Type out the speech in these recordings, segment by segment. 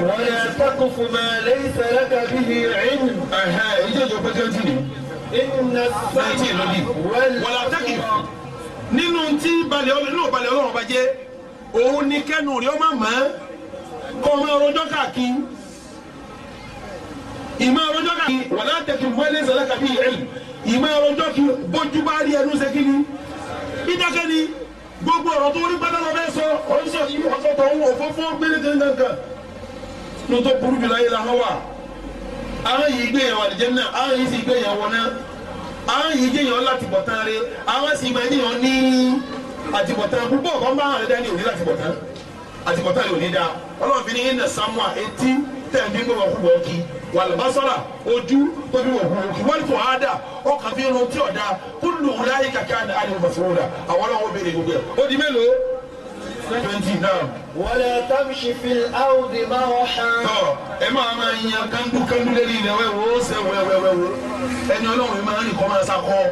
ولا تقف ما ليس لك به علم أها إجازة بجوتي إن السمع ولا تقف nínú tí balẹ̀ náà balẹ̀ ọlọ́run bá jẹ́ òun ni kẹ́nu rẹ̀ ọmọ mọ́ kọ́ ọmọ ọrọ̀jọ́ káàkiri ìmọ̀ ọrọ̀jọ́ káàkiri wà látẹ̀kì wọlé sọ̀rọ̀ kàbí ẹ̀yìn ìmọ̀ ọrọ̀jọ́ kí bójú bá rí ẹnu ṣe kí ni bí dákẹ́ ni gbogbo ọ̀rọ̀ tó rí pátá lọ bẹ́ẹ̀ sọ oníṣẹ́ yìí ọ̀sọ̀ tó ń wò fọ́fọ́ gbére dandankan ló tó burú jùlọ yìí làwọn wà àwọn yìí gbéyàn wà lìjẹ́ náà àwọn yìí sì gbéyàn wọ náà àwọn yìí gbéyàn láti bọ̀ tán rẹ àwọn sì máa yíyan ní àtìbọ̀tán púpọ̀ kan bá àwọn dání òní láti bọ̀tán àtìbọ̀tán yóò ní dáa ọlọ́run fi ní wàlùbásọ́là ojú tóbi wò wọ́lùfọ̀ àádà ọkàn fi irun tí ọ̀dà kúlù láyé kàkà ní àdìmọ̀fọ́wọ́dà àwọn ọlọ́wọ́ béèrè gbogbo ẹ̀ ó di mélòó twenty náà. wọlé tamsi fi áwùdì máa wọ hàn. tọ ẹ máa máa yan kandu kandu lẹ́nu ilẹ̀ wẹ́wọ́ ó sẹ́ wẹ́wẹ́wẹ́wọ́ ẹni ọlọ́run yìí máa ń kọ́ máa sakọ́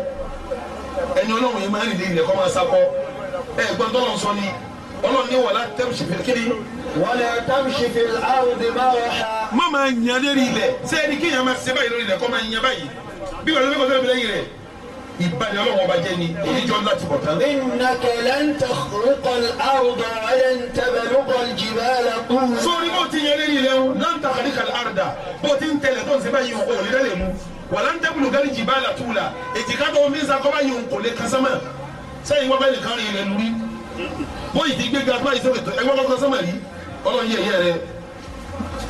ẹni ọlọ́run yìí máa ń rìn ilẹ̀ kọ́ máa sakọ́ ẹ gbọ́n tọ́lọ́ sọ má máa yàn lérí ilẹ̀ sẹ́ni kí yàn máa ṣe báyìí lórí ilẹ̀ kọ́ máa yàn báyìí bí wàá lọ́kọ̀ sẹ́ni lẹ́yìn rẹ̀ ìbàdí ọlọ́wọ́ bá jẹ́ ni èyí jọ láti bọ̀ tán. innaka lan takhruqal arda wa lan tabluqal jibala tuula. sórí bó ti yẹn lérí ilẹ̀ o lan takhruqal arda bó ti ń tẹ̀lé tó ń ṣe báyìí o lè lè mú wàlá ń tabluqal jibala tuula èjìká tó ń bí sakọ́ báyìí o kò kásámà sẹ́yìn wọ́n bẹ́ẹ̀ nìkan rìn ilẹ̀ lórí bóyì ti gbé gàdúrà ìsọ̀rọ̀ ẹgbẹ́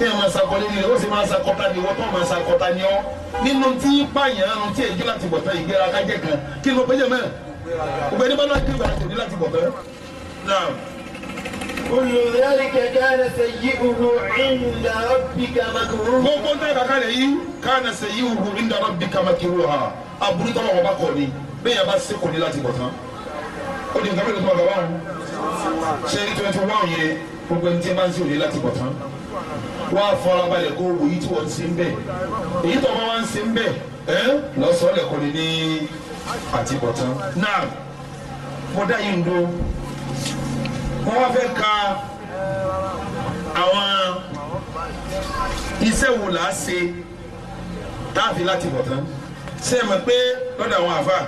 tí ẹ máa sakọlé ni ó sì máa sakọta ni wọ́n tó máa sakọta ni ọ́ nínú tí pààyàn ń tí èjì láti bọ̀tán ìgbéra kájẹ́ kan kí ló péjọ mẹ́rin ògbẹ́ ní bọ́lá kí ìgbàlá tòní láti bọ̀tán. olùdarí kẹ̀kẹ́ rẹ̀ ṣe yí òhù ìndà rọ́bì kàmàkìrú. gbogbo ní ẹ̀ka kalẹ̀ yìí kánà ṣe yí òhù ìndà rọ́bì kàmàkìrú ha aburú tọ́lọ̀ ọba kọ̀ ni bẹ́ẹ̀ yà bá ṣe kò ní láti bọ̀tán. ó di nǹkan mẹ́rin tó gbogbo ẹni máa ń ṣe òní láti bọ̀tán wá fọlábalẹ̀ kó wòye tí wọ́n ti ṣe ń bẹ̀ èyí tó bá wá ń ṣe ń bẹ̀ ẹ́ lọ́sọ̀ọ́lẹ̀ kọ́ni ní àtibọ̀tán náà mo dá yìí ń do wọ́n wá fẹ́ ka àwọn iṣẹ́ wo là á ṣe táàfin láti bọ̀ tán ṣe é mọ̀ pé lọ́dọ̀ àwọn àfa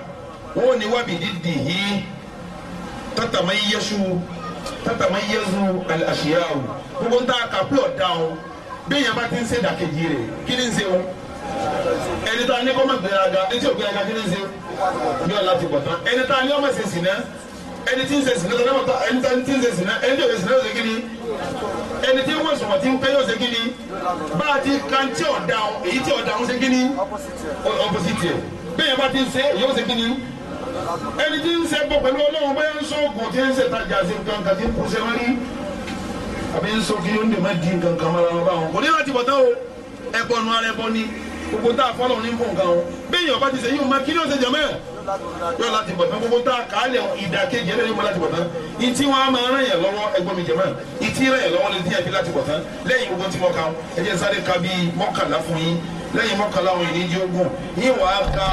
wọ́n ò ní wábì dídì yìí tọ́tàmọ́ yẹ́sù tọ́tàmọ́ yẹ́sù àṣìyá o gbogbo ń tà kà pé ọ̀dà bẹ́ẹ̀ yẹn bá ti ń ṣe dàkejì rẹ̀ kí ni ń ṣe o ẹni tó a ní kó má gbéraga ẹni tí ò gbéraga kí ni ń ṣe bí ọ̀la ti pọ̀ tán ẹni tó a ní ọmọ ṣe sì ná ẹni tí ń ṣe sì ná tọ́lá mọ̀tọ́ ẹni tí ń ṣe sì ná ẹni tí ò ṣe sì ná yóò ṣe kí ni ẹni tí wọ́n sọ̀rọ̀ tí ń pẹ́ yóò ṣe kí ni bá a ti kan tí ò da ọ èyí tí ò da ọ ṣe kí ni opposite ẹ̀ bẹ́ẹ̀ yẹn bá ti ń ṣe yóò ṣe kí ni ẹni tí ń ṣe bọ̀ pẹ̀lú ọlọ́run bẹ́ẹ̀ ń sọ àbí ń sọ kí yóò ń dè di nǹkan kan mọ́ra wọn báwọn kò ní láti bọ̀ tán o ẹ̀bọ̀ ni gbogbo tá a fọlọ́ ní fún nǹkan wọn bẹ́ẹ̀ yọ̀ọ́ bá ti ṣe yóò má kí ni ó ṣe jẹ̀mẹ́ yọ láti bọ̀ gbogbo tá a kà á lẹ̀ ìdàkejì ẹ̀rẹ́ yóò má láti bọ̀ ìtí wọn á máa ràn yẹn lọ́wọ́ ẹgbọ́n mi jẹ̀mẹ́ ìtí ràn yẹn lọ́wọ́ lè dín yẹn láti bọ̀ lẹ́yìn gbogbo tí mo kà ẹ jẹ́ sáré ka bíi mọ́kànlá fún yín lẹ́yìn mọ́kànlá wọn ìní di ogun yín wàá ka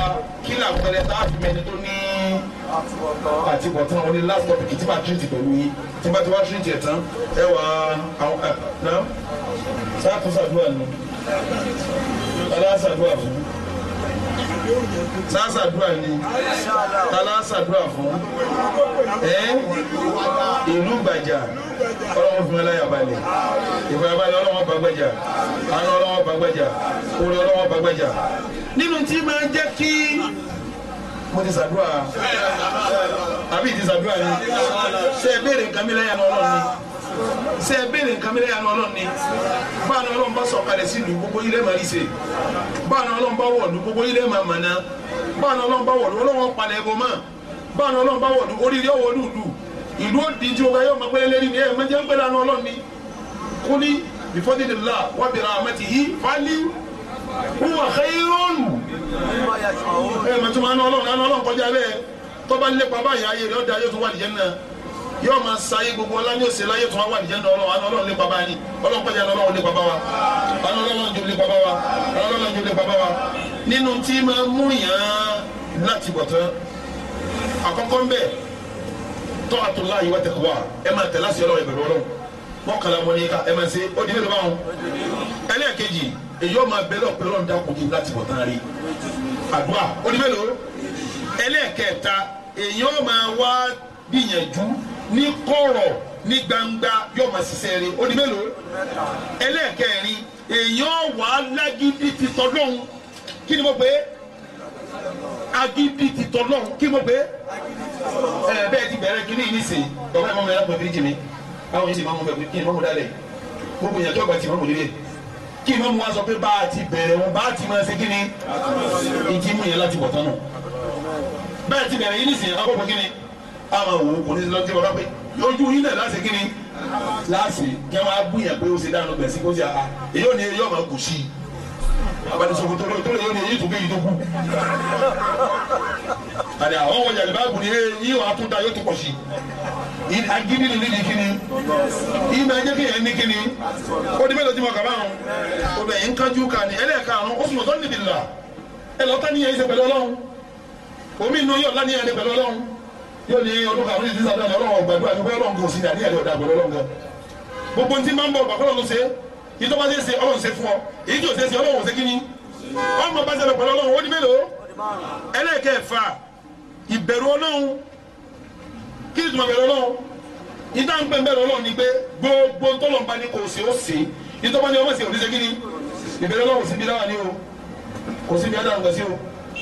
kílà pẹ̀lẹ́ tá a fi mẹ́ni tó ní àti bọ̀tán wọn ni last topic tí màá treat pẹ̀lú yìí tí màá ti wá treat ẹ̀ tán ẹ wà àwọn ẹ̀ náà sáà tó ṣàdúrà nù aláṣàdúrà fún sásàdúrà ni tálásàdúrà fún ẹ ìlú gbàjà ọlọ́wọ́ fún ẹlẹ́yà balẹ̀ ìfọ̀yàbalẹ̀ ọlọ́wọ́ bàgbàjà àná ọlọ́wọ́ bàgbàjà olú ọlọ́wọ́ bàgbàjà nínú tí máa jẹ́ kí mo ti ṣàdúrà àbí ti ṣàdúrà ni ṣe é béèrè nǹkan mi ni ṣe é béèrè nǹkan mi lẹ́yìn àná ọlọ́run ni báwọn ọlọ́run bá sọ̀kalẹ̀ sí ìlú gbogbo ilé máa rí ṣe báwọn ọlọ́run bá wọ̀ ìlú gbogbo ilé máa mọ̀nà báwọn ọlọ́run bá wọ̀ ìlú ọlọ́run palẹ̀ ẹ̀bọ mọ́ báwọn ọlọ́run bá wọ̀ ìlú oríire ọwọ́ ìlú ìlú ìlú òdì tí o bá yọ̀ máa pẹ́lẹ́ lérí ni ẹ̀ mẹ́jẹ́ ń pẹ́lẹ́ ni kúlí ẹ mọ̀ tí wọ́n á ná yóò máa sáyé gbogbo ọlá ní òsè láyé tún wà nìyẹn náà ọlọ́run á ọlọ́run lépa bá ọlọ́run kọjá ná ọlọ́run lépa bá wa ọlọ́run jò lépa bá wa ọlọ́run jò lépa bá nínú tí máa mú yàn án láti bọ̀ tán àkọ́kọ́ ń bẹ̀ tọ́ àtúnlá yìí wá tẹ̀kọ́ wa ẹ máa tẹ̀ láti ọlọ́run ìbẹ̀rù ọlọ́run mọ́kànlá mọ́ ká ẹ máa ṣe ó di mélòó báwọn ẹlẹ́ẹ̀kejì èyí ọmọ abẹ́lẹ̀ ọ̀pẹ̀lẹ̀ ọ̀dà kò ju láti bọ̀ tán rí àdúrà onímẹ̀lò ẹlẹ́ẹ̀kẹta èyí ọmọ wa gbìyànjú ní kọ̀rọ̀ ní gbangba yóò máa ṣiṣẹ́ rí onímẹ̀lò ẹlẹ́ẹ̀kẹrin èyí ọwà lágídí ti tọ́lọ́hún kí ni mo pè é agídí ti tọ́lọ́hún kí ni mo pè é ẹ bẹ́ẹ̀ ti bẹ̀rẹ̀ kí ni ìníṣe ọ̀rẹ́ mọ́mọ́ ẹ̀rọ pẹ̀lú jìnnì báwo ni ṣe máa mú bẹ̀rù kí ni mọ́mú dálẹ̀ gbogbo ìyàtọ̀ ọgbà tí mọ́mú nílé kí ni mo wá sọ pé bá a ti bẹ̀rẹ̀ wọn bá a ti máa ṣe kí ni ìdí mú yẹn láti bọ̀ tán nù bẹ́ẹ̀ ti bẹ̀rẹ̀ yín nísìnyí ká gbọ́dọ̀ kí ni a máa kò ní lọ́jọ́ ọ̀rọ̀ pé yọjú yín náà láti kí ni láti kí wọ́n á bú pé ó ṣe dáná gbẹ̀sí kó ṣe àá èyí ò ní eyín ọ̀mà kù sí i abanisogo tó lóye tó lóye ní yìí tó bí yìí tó kú àdé àwọn ọmọ yàrá báàbù ni yìí wà á tún ta yóò tó pọ̀ sí agídí ni nídìí kíni yìí máa jẹ́ kí yẹn ní kíni ó di mélòó tí mo kàbá hàn ó bẹ̀ yín kájú ká ní ẹlẹ́ẹ̀ka àrùn ó sùn ọ̀tọ́ níbi là ẹ lọ́ọ́ tán níyẹn ṣe pẹ̀lú ọlọ́run omi inú yóò lá níyẹn ní pẹ̀lú ọlọ́run yóò ní ọdún kàrún ìdí sàdúrà ní ọlọ́run ọgbàdúrà ní ọlọ́run kò sí ní àdéhàdé ọ̀dà pẹ̀lú ọlọ́run gan gbogbo ní ti máa ń bọ̀ ọ̀gbà yìí tó bá ṣe ṣe ọlọ́run ṣe fún ọ èyí tí ò ṣe ṣe ọlọ́run ṣe kíni ọmọ bá ṣe lọ pẹ̀lú ọlọ́run ó di mélòó ẹlẹ́ẹ̀kẹfà ìbẹ̀rù ọlọ́run kí ni ìtumọ̀ bẹ̀rù ọlọ́run ìdá ń pẹ́ bẹ̀rù ọlọ́run ni pé gbogbo tọ́lọ̀ bá ní kò sí ó sí yìí tó bá ní ọmọ ṣe òní ṣe kíni ìbẹ̀rù ọlọ́run sí bí dáwà ní o kò sí bí á dáhùn gbèsè o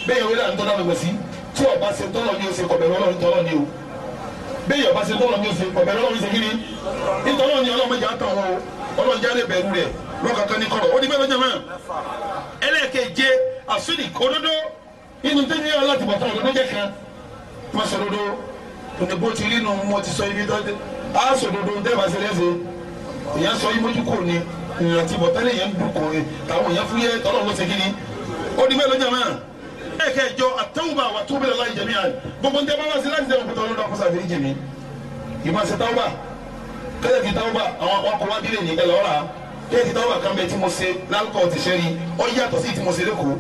bẹ́ẹ̀ ìwé dáhùn tó dáhùn gbèsè tí ọba ṣe tọ́lọ̀ ní o ṣe kọ̀bẹ̀rù ọlọ́run ọlọ́njà lè bẹ̀rù rẹ̀ lọ́kàkán ní kọ̀rọ̀ ó ní bẹ́ẹ̀ lọ́jà mọ́ ẹlẹ́ẹ̀keje àsìlì òdodo inú tó ní ọlọ́tì bọ̀tán òdodo jẹ́ kan wọ́n sọ òdodo òní ti rí nu mo ti sọ ibi tó dé á sọ òdodo ń dẹ́gbà sí lẹ́sẹ̀ èèyàn sọ yí mójú kò ní ìrántí bọ̀tán lè yẹn ń dùn kò táwọn èèyàn fúyẹ́ tọ́lọ́ ló kí ni ó ní bẹ́ẹ̀ lọ́jà mọ́ ẹ̀kẹ́jọ kẹ́lẹ́ ti táwọn bá àwọn ọkọ̀ wá délé ní ẹ̀lọ́ ra kẹ́lẹ́ ti táwọn bá kan bẹ tí mo ṣe lálùkọ́ ti ṣe rí ọ yàtọ̀ sí tí mo ṣe lẹ́kọ̀ọ́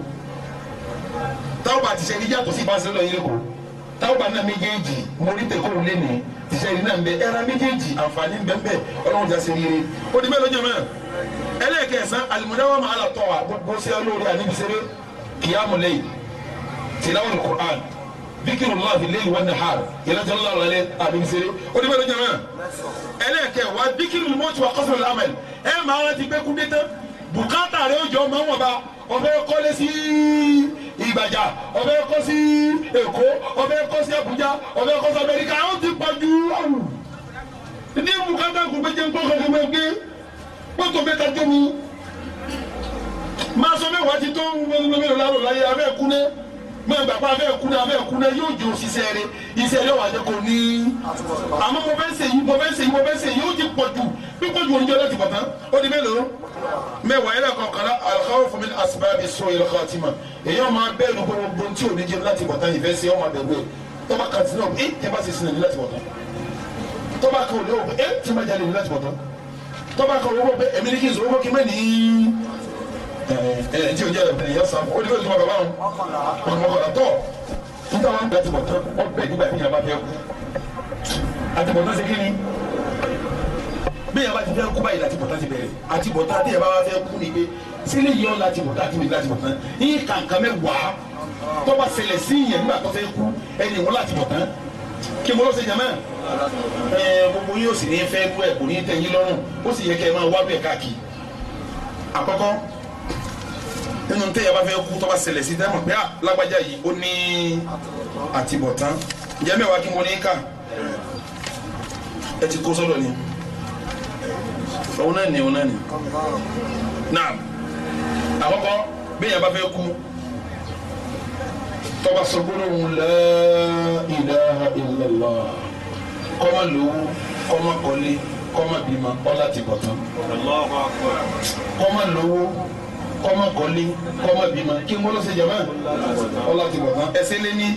táwọn bá ti ṣe rí yàtọ̀ sí ìbáṣe lọ yìí lẹ́kọ̀ọ́ táwọn bá náà méjèèjì mo rí tẹ̀kọ́rù lẹ́nu ti ṣe rí náà bẹ ẹ̀rá méjèèjì àǹfààní bẹ́ẹ̀ ọlọ́run já ṣe rere ó di mélòó jẹ̀mọ́ ẹlẹ́ẹ̀kẹsán alimudawa mahala tọ́wa bíkìrì lọ́wọ́ fi léyìn wọn ní ha ìlànà lọ́wọ́ lọ́lẹ́ àbí bisire ó dé bá lójú ọ̀hún. ẹlẹ́kẹ̀ wa bíkìrì mọ́ tí wà kọ́sọ̀ lámẹ́l ẹ máa rántí pé kúndé tán bùkátà rẹ òjò máa wọ̀n ba ọ̀fẹ́ kọ́lé sí ìgbàjà ọ̀fẹ́ kọ́ sí èkó ọ̀fẹ́ kọ́ sí àbújá ọ̀fẹ́ kọ́ sí amẹ́ríkà ó ti pọ̀jù ọ̀hún. ní bùkátà kò gbé jẹun kọ́kọ́ kò gbé gbé pọ́tò mẹ́ta tó mu. máa sọ mẹ́wàá ti tó ń gbẹ́gbẹ́ mẹ́rin lárò láyé abẹ́ kúnlẹ̀ mọ gbàgbọ́ abẹ́ kúnlẹ̀ abẹ́ kúnlẹ̀ yóò jẹ́ òṣìṣẹ́ rẹ iṣẹ́ rẹ wà jẹ́ kò ní. àmọ́ mo fẹ́ ṣe yìí mo fẹ́ ṣe yìí mo fẹ́ ṣe yìí ó ti pọ̀ jù bí pọ̀ oúnjẹ lọ́ọ́ ti ó di mélòó. mẹ́wàá yẹn lọ́kàn kan fún mi asibabi sọ ìlọ́kàn ti mọ̀ èyí ọmọ abẹ́ gbogbo tí ò ní jẹun láti pọ̀ ìfẹ́ ṣe ọmọ abẹ́gbé tọ́ba kan ẹ̀ tẹ́ bá ṣe sinmi ẹ ẹ tí o jẹ ìyá sanfọ ó ní bẹ́ẹ̀ tó ma bàbá wọn ọdún mọ́kànlá tọ́ níta wọn gbà tìbọ̀ tán wọ́n bẹ̀ nígbà tí yàrá bá fẹ́ kú àtìbọ̀ tán ṣe kí ni bí yàrá ti fẹ́ kú báyìí látìbọ̀ tán ti bẹ̀rẹ̀ àtìbọ̀ tán àti yàrá bá fẹ́ kú ni pé sílẹ̀ yọ látìbọ̀ tán àti mi látìbọ̀ tán yín kàǹkàn mẹ́wàá tó bá ṣẹlẹ̀ sí yẹn nígbà tó fẹ́ kú ẹni wọn látìbọ̀ tán kí mo lọ sí jama ẹ gbogbo yóò sì ní fẹ́ kú ẹ kò ní tẹ́ yín lọ́rùn ó sì yẹ kẹ́ ẹ máa wá bẹ́ẹ̀ káàkiri àkọ́kọ́ nínú tẹ́yà bá fẹ́ kú tọ́ba ṣẹlẹ̀ sí dáhùn pé ah, lágbájá yìí ó ní àtibọ̀tán ìyá mẹ́wàá kí n wọlé ká ẹ ti kó sọ́dọ̀ ni òun náà ni òun náà ni náà àkọ́kọ́ bẹ́yà bá fẹ́ kú tọ́ba sọ gbólóhùn la ilaha illallah kọ́mọ lówó kọ́mọ kọ́lé kọ́mọ bímọ ọlá ti bọ̀tán kọ́mọ lówó kọ́mọ kọ́lé kọ́mọ bímọ kí n bọ́lọ́ ṣe jama ọlá ti bọ̀ tán ẹsẹ̀ lé ní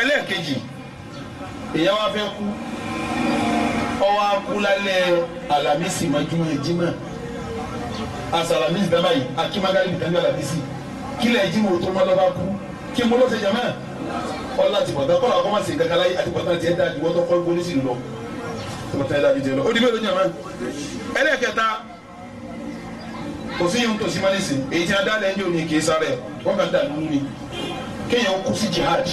ẹlẹ́ẹ̀kejì èèyàn wá fẹ́ kú ọwọ́ akú lálẹ́ alamisi majumọ ejima asalamisi dama yìí akimagali bitali alamisi kílẹ̀ ejima o tó mọ́ lọ́ba kú kí n bọ́lọ́ ṣe jama ọlá ti bọ̀ tán kọ́lá ọkọ́ ma ṣe nǹkan kan láyé àti bọ̀tán tiẹ̀ dáa ju wọ́tọ́ kọ́ gbólísì lọ tọmọtẹ́ dáa ju tiẹ̀ lọ ó di bẹ́ẹ̀ ló jẹ́ mọ́ ẹlẹ́ẹ̀kẹta kò sí yòó tòsí mọ́ni sìn èyí tí a dá lẹ́yìn òní kì í sáré wọ́n kà dà ni kéèyàn kú sí jihad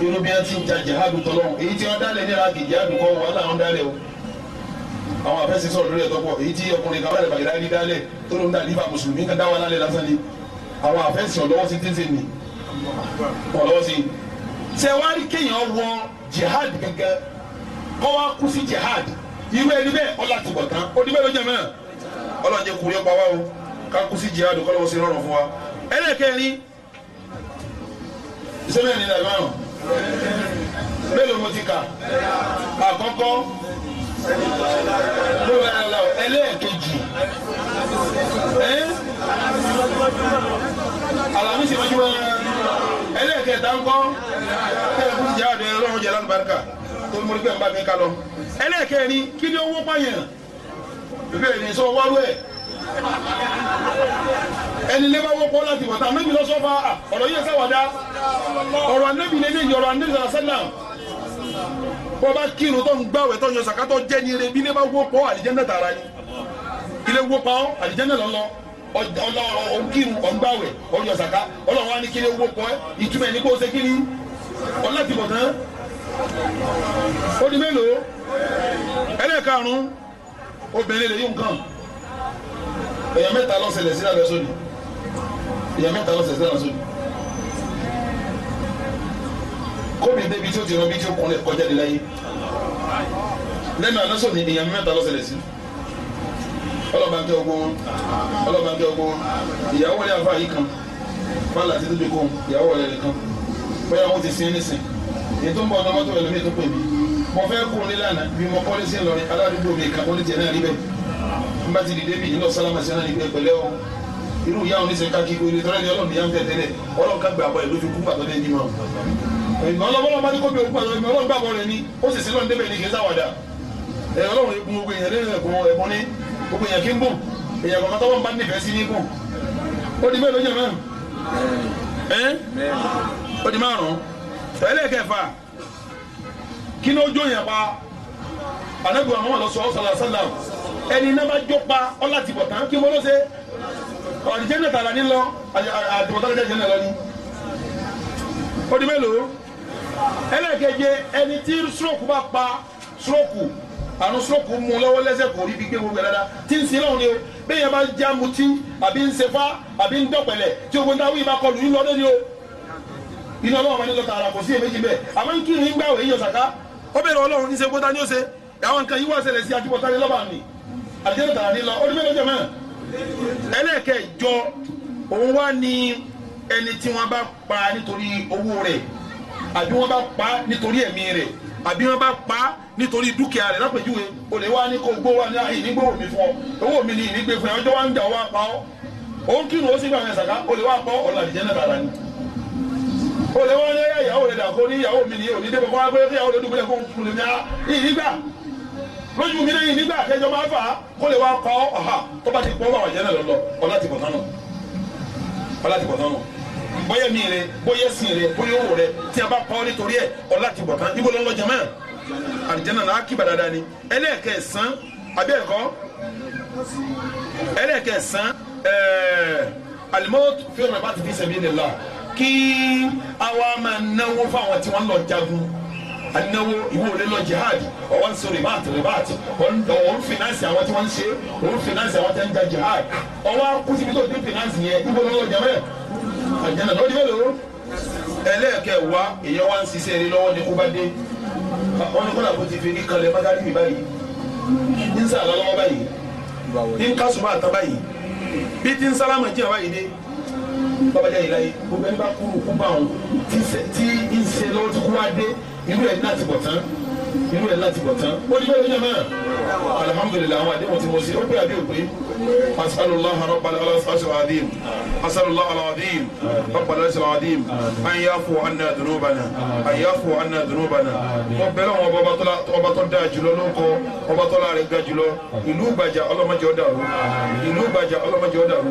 irú bí wọ́n ti ń ja jihad tọ́lọ́ èyí tí wọ́n dá lẹ́yìn àgbè jihad kọ́ wọ́n làwọn dá lẹ́ o àwọn afẹ́sẹ̀ sọ̀rọ̀ lórí ẹ̀tọ́ pọ̀ èyí tí ọkùnrin kan wàlẹ̀ bàgẹ́dá rí dálẹ̀ tó ló ń dà lífà mùsùlùmí kan dá wà lálẹ́ lásán ni àwọn afẹ́sẹ̀ ọ̀lọ́wọ́ jihad gẹ́gẹ́ kọ́ jihad irú ẹni bẹ́ẹ̀ ọ̀là tìbọ̀ tán ó ní ọlọ́run jẹ́ kúrẹ́ pa wá o kákú sí jihad kọ́lọ́wọ́ sí rọrùn fún wa. ẹlẹ́kẹ̀rin ìṣẹ́lẹ̀ ní ìlànà mélòó mo ti kà àkọ́kọ́ ẹlẹ́ẹ̀kejì alamisi mọ́júmọ́ ẹlẹ́ẹ̀kẹta ńkọ́ kẹ́kẹ́ kú sí jihad ọlọ́run jẹ́ lánàbáríkà tó ń mú ní pẹ́ ń bá mi kálọ. ẹlẹ́ẹ̀kẹrin kí ni owó pààyàn bíbélì ní sọ wárú ẹ̀ ẹni lé bá wọ́pọ̀ láti wọ̀ta anábì lọ sọ́fà ọ̀rọ̀ yẹn sáwàdá ọ̀rọ̀ anábì lè léyìí ọ̀rọ̀ anábì sàlá sẹ́lá bọ́ bá kírun tó ń gbàwẹ̀ tó ń yọ sàkátọ́ jẹ́ ní ire bí lé bá wọ́pọ̀ àlìjẹ́ndà tààrà ni ilé wọ́pọ̀ àlìjẹ́ndà lọ́lọ́ ọ̀nkírun ọ̀ngbàwẹ̀ ọ̀yọ̀ sàká ọlọ́run wa ní kí ilé wọ́pọ̀ ìtumẹ̀ ní kó o ṣe kí ni ọ̀lá ti bọ̀ tán ó di mélòó ẹlẹ́ẹ̀karùn-ún obìnrin lè yí nǹkan èèyàn mẹ́ta ló ṣẹlẹ̀ sí abẹ́ sóni èèyàn mẹ́ta ló ṣẹlẹ̀ sí abẹ́ sóni kóbi débi tí ó ti rán bí tí ó kún kọjá de láyé lẹ́nu àná sóni èèyàn mẹ́ta ló ṣẹlẹ̀ sí ọlọ́ba ń tẹ ọgbọ́n wọn ọlọ́ba ń tẹ ọgbọ́n wọn ìyàwó wọlé afa yìí kan wọn là ti tó dé kó ìyàwó wọlé nìkan bóyá wọn ti sin ẹni sìn ètò ń bọ̀ ọ̀dọ́ mọ́tò ẹlòmíì tó pè mí mo fẹ́ kúrò ní lánàá bí mo kọ́lé sí Ìlọrin aládùúgbò mi kà wọ́n ní tiẹ̀ náà níbẹ̀ n bá ti dìde bí ìlọ sálámà sí náà níbẹ̀ pẹ̀lẹ́ o irú ìyá wọn ní sẹ́ka kí oye tọ́lá ni ọlọ́run ìyá ń tẹ̀ tẹ́lẹ̀ ọlọ́run ká gbà bọ́ ẹ̀ lójú kúgbà tó dé ní ma ìmọ̀ ọlọ́run bá ní kó bí òkú àtọ́ ìmọ̀ ọlọ́run gbàgbọ́ rẹ̀ ni ó sì sí lọ́n débẹ̀ ní kí n sáwàdà ẹ̀ ọlọ́run egun ogun èèyàn lẹ́yìn ẹ̀kọ́ ẹ̀kọ́ ní gbogbo èèyàn kí ń bùn èèyàn kọ̀ọ̀kan tọ́wọ́ ń bá nífẹ̀ẹ́ sí ní kí ni ó jó yẹn pa anabi wa muhammadu sallallahu alaihi wa ẹni náà bá jó pa ọlá ti bọ̀ tán kí wọ́n ló ṣe ọ̀dìjẹ́ náà tààrà nílọ àdìbọ̀tàlẹ̀ jẹ́ náà lọ́ni ó di mélòó ẹlẹ́ẹ̀keje ẹni tí stroke bá pa stroke àrùn stroke mú lọ́wọ́ lẹ́sẹ̀ kò rí bí gbé gbogbo ẹ̀rẹ́dá tí ń sin lọ́hùn ni o bẹ́ẹ̀ yẹn bá ń já mutí àbí ń sefa àbí ń dọ̀pẹ̀lẹ̀ tí ogun dáwọ́ yìí bá kọlu yín lọ́dún ni o iná ọlọ́wọ́ máa ń lọ tààrà kò sí èméjì bẹ́ẹ̀ àmọ́ ń kírun ń gbàwé yíyan sàká ó bèrè ọlọ́run ní sẹ́kọ́tà ni ó ṣe àwọn nǹkan yìí wá ṣẹlẹ̀ sí àtibọ̀tá ni lọ́ba mi àdìjẹ́ tàrà ni lọ ó ní mélòó jẹ̀mọ́ ẹlẹ́ẹ̀kẹjọ òun wá ní ẹni tí wọ́n bá pa nítorí owó rẹ̀ àbí wọ́n bá pa nítorí ẹ̀mí rẹ̀ àbí wọn bá pa nítorí dúkìá rẹ lápèjúwe olè wa ní kó gbó wa ní ah, ìnígbó omi fún ọ owó mi ní ìnígbé fún ẹ ọjọ́ wa ń jà ọ wa o lè wọ́n yẹ ìyàwó rẹ̀ dàgbọ́ ní ìyàwó mi ní òní débò kó wá pé ìyàwó rẹ̀ dùgbò lẹ̀ kó kùn lèmi á yìí nígbà lójú mi lẹ́yìn nígbà kẹjọ máa fà á kó lè wá kọ́ ọ̀hà tó bá ti pọ́ wà wàjẹ́ náà lọ́lọ́ ọlá ti pọ̀ tán nù ọlá ti pọ̀ tán nù bóyá mi rẹ bóyá sin rẹ bóyá owó rẹ tí a bá pọ́ nítorí ẹ ọlá ti pọ̀ tán níbo ló ń lọ jama àlìjáná náà á kíba dáadáa ni ẹlẹ́ẹ̀kẹsàn abẹ́ ẹ̀kọ́ ẹlẹ́ẹ̀kẹsàn ẹ̀ẹ́ eh, alimọ́tò fẹ́ràn bá ti fi sẹ́mi nílá kí àwa máa náwó fáwọn tí wọ́n lọ jagun anáwó ìwé òde lọ jihad ọwọ́ ń sọ ribat ribat òun finance àwọn tí wọ́n ń ṣe òun finance àwọn tí wọ́n ń ja jihad ọwọ́ kùsìbí tó dín finance yẹn ìwé òde lọ jẹmẹ́ àjẹnà lọ́dí mélòó ẹlẹ́ẹ̀kẹwà èèyàn wá ń ṣiṣẹ́ eré lọ́wọ́ ní kúbádé wọn ní kọ́lá kó ti fi ní kalẹ̀ mọ́tàrí mi báyìí ní ń sàlọ́ lọ́wọ́ báyìí ní ń kásùmọ́ àtọ́ báyìí bí ti ń sálámà jẹ́ báyìí dé bàbájá yìí láyé gbogbo ẹni bá kúrú kú bá òun tí ń ṣe lọ́wọ́ ti kú wá dé irú ẹ̀ ní àtìbọ̀tán inú rẹ̀ láti bọ̀ tán ó ní bẹ́ẹ̀ lójúmọ́ alhamdulilayi àwọn àdéhùn tí mo ṣe ó pé àbí òpé asalullah rabbal alasasu adim asalullah aladim rabbal alasasu adim an a anna dunubana an yafu anna dunubana mo bẹ́ẹ̀ lọ́wọ́ ọba tó dáa jùlọ ló ń kọ ọba tó ga jùlọ ìlú gbàjà ọlọ́mọdé ọ̀dà ìlú gbàjà ọlọ́mọdé ọ̀dà rú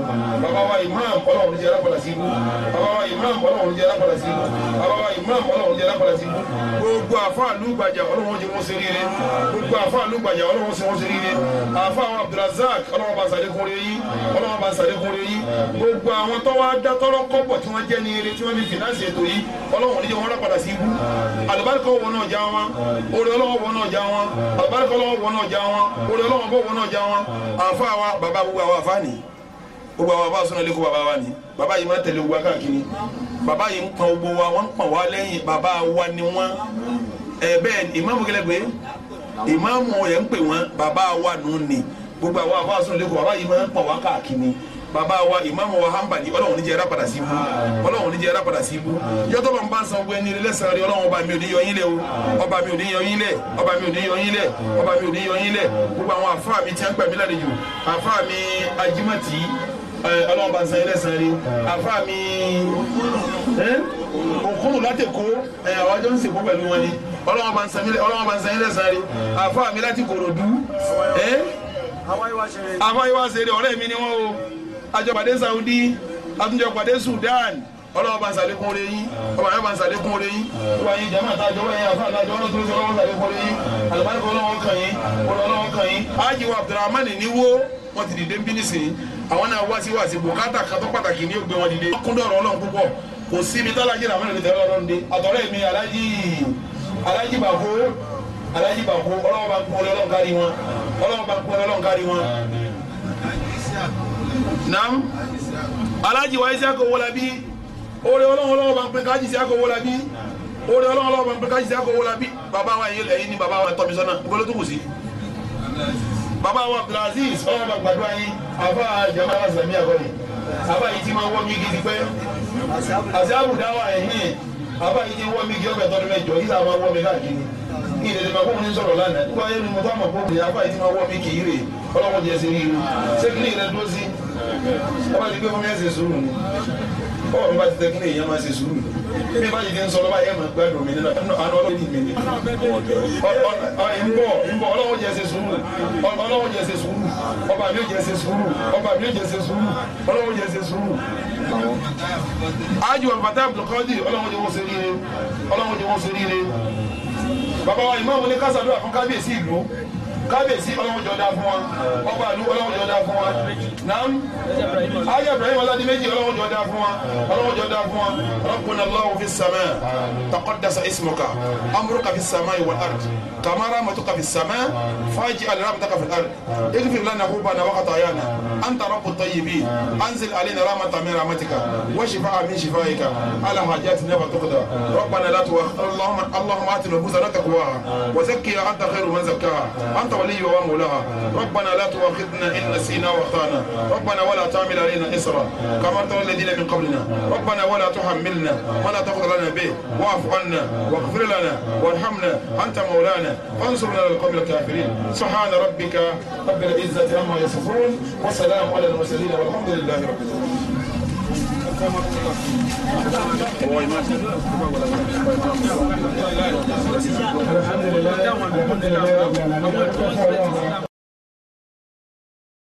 imam ọlọ́run jẹ́ alápàdà sí imam ọlọ́run jẹ́ alápàdà sí ìmọ̀ ọlọ́run jẹ́ lápàdà sí gbogbo àfa àlùgbàjà ọlọ́run jẹ́ wọ́n ṣe rí rẹ gbogbo àfa àlùgbàjà ọlọ́run ṣe wọ́n ṣe rí rẹ àfa Abdulrasaq ọlọ́run bá sàdékun rẹ yìí ọlọ́run bá sàdékun rẹ yìí gbogbo àwọn tó wá kọ́pọ̀ tí wọ́n jẹ́ ní eré tí wọ́n fi fìnánsì ètò yìí ọlọ́run ní jẹ́ wọ́n lápàdà sí ibú àlùbáríkọ wọn náà já wọn orí ọlọ́wọ́ wọn náà já wọn àlùbáríkọ ọlọ́wọ́ wọn náà já wọn orí ọlọ́wọ́ wọn náà já wọn wa bàbá gbogbo àwọn àfa nìyí gbogbo àwọn àfa sọ̀rọ̀ lẹ́kọ̀ọ́ bàbá wa nìyí bàbá Baba yìí ń pọn gbogbo wa wọ́n ń pọn wá lẹ́yìn bàbá wa ni wọ́n ẹ bẹ́ẹ̀ ìmáàmù Kẹlẹ́gbẹ́ ìmáàmù yẹn ń pè wọ́n bàbá wa nù ni gbogbo àwọn àwọn àṣọ lẹ́kọ̀ọ́ bàbá yìí máa ń pọn wá káàkiri baba wa imamu wa hanbali ọlọ́run níjẹ ẹrá padà sí ibú ọlọ́run níjẹ ẹrá padà sí ibú yọtọ bá ń bá san gbé ní ilé sàn rí ọlọ́run ọba mi ò ní yọ yín lẹ o ọba mi ò ní yọ yín lẹ ọba mi ò ní yọ yín lẹ ọba mi ò ní yọ yín lẹ gbogbo àwọn àfáà mi tí wọn gbà lálejò àfáà mi ajimati ọlọ́run bá ń san ẹlẹ́sàn rí àfa mi òkúrù láti kó àwọn ajọ́ ń sèkó pẹ̀lú wọn ni ọlọ́run bá ń san ẹlẹ́sàn rí àfa mi láti Kòròdú àwọn ìwà ṣeré ọ̀rẹ́ mi ni wọ́n o àjọpàdé Saudi àtúnjọpàdé Sudan ọlọ́wọ́ bá ń sàlékún oore yín ọba yẹn bá ń sàlékún oore yín ọba yẹn jẹ́ máa tàjọ́ wáyé àfa àtàjọ́ ọlọ́tún ló sọ ọlọ́wọ́ sàlékún oore yín àlùbáríkọ ọlọ́wọ́ kàn yín ọlọ́wọ́ kàn yín ájì wa Abdulrahman ní wo wọ́n ti dìde ń nísìnyí àwọn náà wá sí wá sí bùkátà kan pàtàkì ní ògbé wọn dìde. wọ́n ọlọ́run púpọ̀ kò sí mi tálájì làwọn ènìyàn tẹ̀lé ọlọ́run dé àtọ̀rẹ́ mi alájì alájì bàbó alájì bàbó ọlọ́run bá kú ọlọ́run kárí wọn ọlọ́run bá kú ọlọ́run kárí wọn. naam alájì wa ẹsẹ akọwọ la bí oore ọlọ́run ọlọ́run bá ń pè kájí sí akọwọ la bí oore ọlọ́run ọlọ́run bá ń pè kájí sí akọwọ la bí baba wa Abdulaziz ọ̀rọ̀ bá gbàdúrà yín àfa jama azami àkọlẹ̀ àfa yìí ti máa wọ́ mi gidi pẹ́ àṣàbù dáwà ẹ̀hìn àfa yìí ti wọ́ mi gidi ọ̀bẹ̀ tọ́lẹ̀ mẹ́jọ yìí sábà wọ́ mi káàkiri ìdèdè máa kó mi sọ̀rọ̀ lánàá nípa ẹni mo bá mọ̀ kó mi àfa yìí ti máa wọ́ mi kì rè ọlọ́wọ́ jẹ́ sí ríru sẹ́kìlì rẹ dúró sí ọba ti gbé fún mi ẹ̀ ṣe sùúrù ni ọba ti tẹ́kìlì yẹn máa ṣe sùúrù ni bí bá yìí ń sọ lọ́ba yẹn mọ̀ pé domi nínú àná ọlọ́run mi ni ọ̀nbọ̀ ọ̀nbọ̀ ọlọ́run jẹ́ ṣe sùúrù ọlọ́run jẹ́ ṣe sùúrù ọba mi ò jẹ́ ṣe sùúrù ọba mi ò jẹ́ ṣe sùúrù ọlọ́run jẹ́ ṣe sùúrù. ájú ọ̀bàtà Abdulkadir ọlọ́run jẹ́ wọ́n ṣe rí ni ọlọ́run jẹ́ wọ́n ṣe rí ni bàbá wa ìmáàmù ní kásádùn àfọ̀nkábíyèsí ìlú kábíyèsí ọlọ́run jọ dá fún wa ọba àlú ọlọ́run jọ dá fún wa nam ayé ibrahim ọlọ́dún méjì ọlọ́run jọ dá fún wa ọlọ́run jọ dá fún wa rabbuna allahu fi sama taqaddasa ismuka amruka fi sama wal ard kama rahmatuka fi sama faji al rahmataka fi ard اغفر لنا ربنا وخطايانا انت رب الطيبين انزل علينا رحمه من رحمتك وشفاء من شفائك على حاجاتنا وتقضى ربنا لا تؤاخذ اللهم اللهم ات نفوسنا تقواها وزكها انت خير من زكاها انت أنت ومولاها ربنا لا تؤاخذنا إن نسينا واخطأنا ربنا ولا تعمل علينا إسرا كما ترى الذين من قبلنا ربنا ولا تحملنا ولا تغفر لنا به واعف عنا واغفر لنا وارحمنا أنت مولانا فانصرنا على القوم الكافرين سبحان ربك رب العزة عما يصفون وسلام على المرسلين والحمد لله رب العالمين الحمد لله الحمد لله رب العالمين